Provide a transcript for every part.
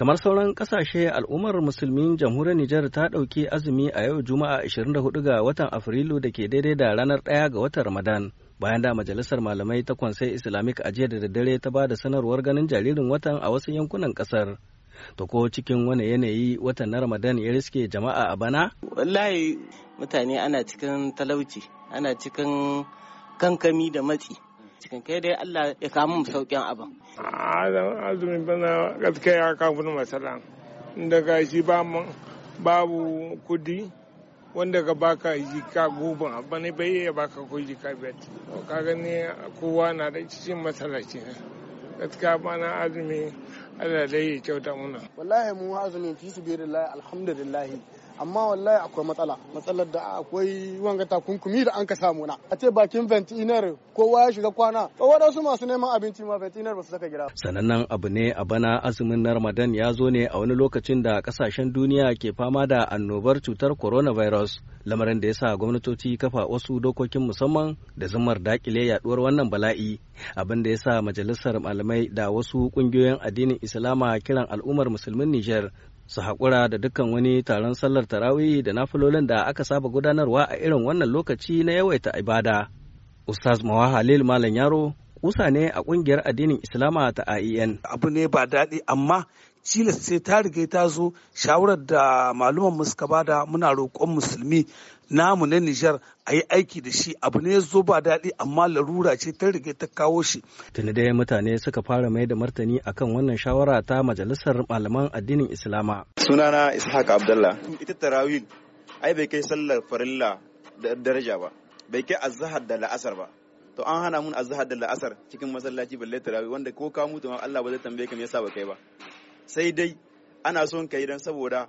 Kamar sauran kasashe al'ummar musulmin jamhuriyar Nijar ta ɗauki azumi a yau Juma'a 24 ga watan Afrilu da ke daidai da ranar 1 ga watan Ramadan. Bayan da majalisar malamai ta kwansai Islamic a jiya da daddare ta ba da sanarwar ganin jaririn watan a wasu yankunan kasar To ko cikin wani yanayi watan na Ramadan ya riske jama'a a bana? Wallahi mutane ana cikin talauci, ana cikin kankami da matsi. Cikin kai dai Allah ya kamu sauƙin abin. azumin bana gaskiya ya kafin masara daga shi babu kudi wanda ka baka jika goma bane bai iya baka ko jika biyar ka gani kowa na da cikin masalaci gaskiya bana azumi Allah dai ya kyauta muna wallahi mu azumi fi sabilillah alhamdulillah amma wallahi akwai matsala matsalar da akwai wanga takunkumi da an ka samu na a ce bakin ventinar kowa ya shiga kwana ko wadansu masu neman abinci ma ventinar ba su saka gida sanannen abu ne a bana azumin ramadan ya zo ne a wani lokacin da kasashen duniya ke fama da annobar cutar coronavirus lamarin da ya sa gwamnatoci kafa wasu dokokin musamman da zumar dakile yaduwar wannan bala'i abin da ya sa majalisar malamai da wasu kungiyoyin addinin islama kiran al'ummar musulmin niger su haƙura da dukkan wani taron sallar tarawi da nafilolin da aka saba gudanarwa a irin wannan lokaci na yawaita ibada. Ustaz Mawa Halil Malam Yaro kusa ne a ƙungiyar addinin Islama ta IEN. Abu ne ba daɗi amma cilas sai ta riga ta zo shawarar da maluman mu suka bada muna roƙon musulmi namu na Nijar a yi aiki da shi abu ne zo ba daɗi amma larura ce ta riga ta kawo shi. Tuni dai mutane suka fara mai da martani akan wannan shawara ta majalisar malaman addinin Islama. Sunana Ishaq Abdullah. Ita tarawih ai bai kai sallar farilla da daraja ba. Bai kai azahar da la'asar ba. To an hana mun azahar da la'asar cikin masallaci balle tarawih wanda ko ka mutu ma, Allah ba zai tambaye ka me yasa ba kai ba. sai dai ana son ka yi don saboda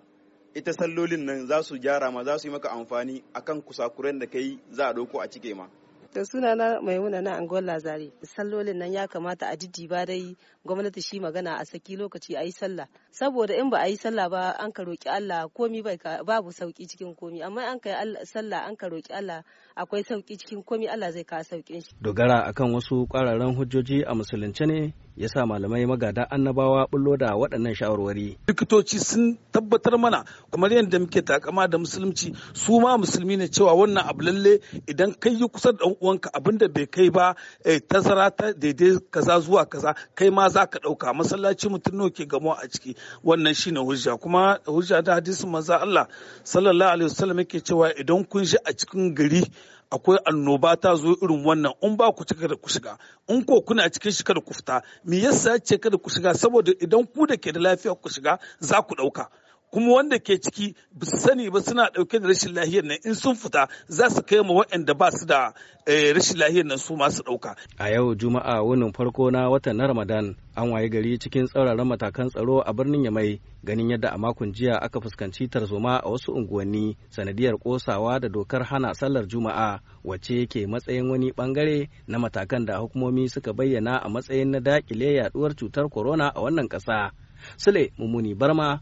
ita sallolin nan za su gyara ma za su yi maka amfani akan kusakuren da ka yi za a ɗauko a cike ma. suna sunana maimuna na angola zare sallolin nan ya kamata a ba dai gwamnati shi magana a saki lokaci a yi sallah saboda in ba a yi sallah ba an ka roƙi allah komi babu sauƙi cikin komi amma an ka yi sallah an ka roƙi allah akwai sauƙi cikin komi allah zai kawo sauƙin shi dogara akan wasu ƙwararren hujjoji a musulunce ne ya sa malamai magada annabawa bullo da waɗannan shawarwari. Likitoci sun tabbatar mana kamar yadda muke takama da musulunci su ma musulmi ne cewa wannan abu lalle idan kai yi kusa da uwanka abin da bai kai ba eh, tazara ta daidai kaza zuwa kaza kai ma za ka ɗauka masallaci mutum nawa ke gamo a ciki wannan shi ne hujja kuma hujja da hadisin manzo Allah sallallahu alaihi wasallam yake cewa idan kun shi a cikin gari akwai annoba ta zo irin wannan in ba ku cika da ku shiga in ko kuna cikin shi kada ku fita me yasa ce da ku shiga saboda idan ku da ke da lafiya ku shiga za ku ɗauka kuma wanda ke ciki ba su sani ba suna dauke da rashin lahiyar nan in sun fita za su kai ma waɗanda ba su da eh, rashin lahiyar nan su masu ɗauka. a yau juma'a wunin farko na watan na ramadan an waye gari cikin tsauraran matakan tsaro a birnin yamai ganin yadda a makon jiya aka fuskanci tarzoma a wasu unguwanni sanadiyar kosawa da dokar hana sallar juma'a wacce ke matsayin wani bangare na matakan da hukumomi suka bayyana a matsayin na dakile yaduwar cutar corona a wannan ƙasa sule mummuni barma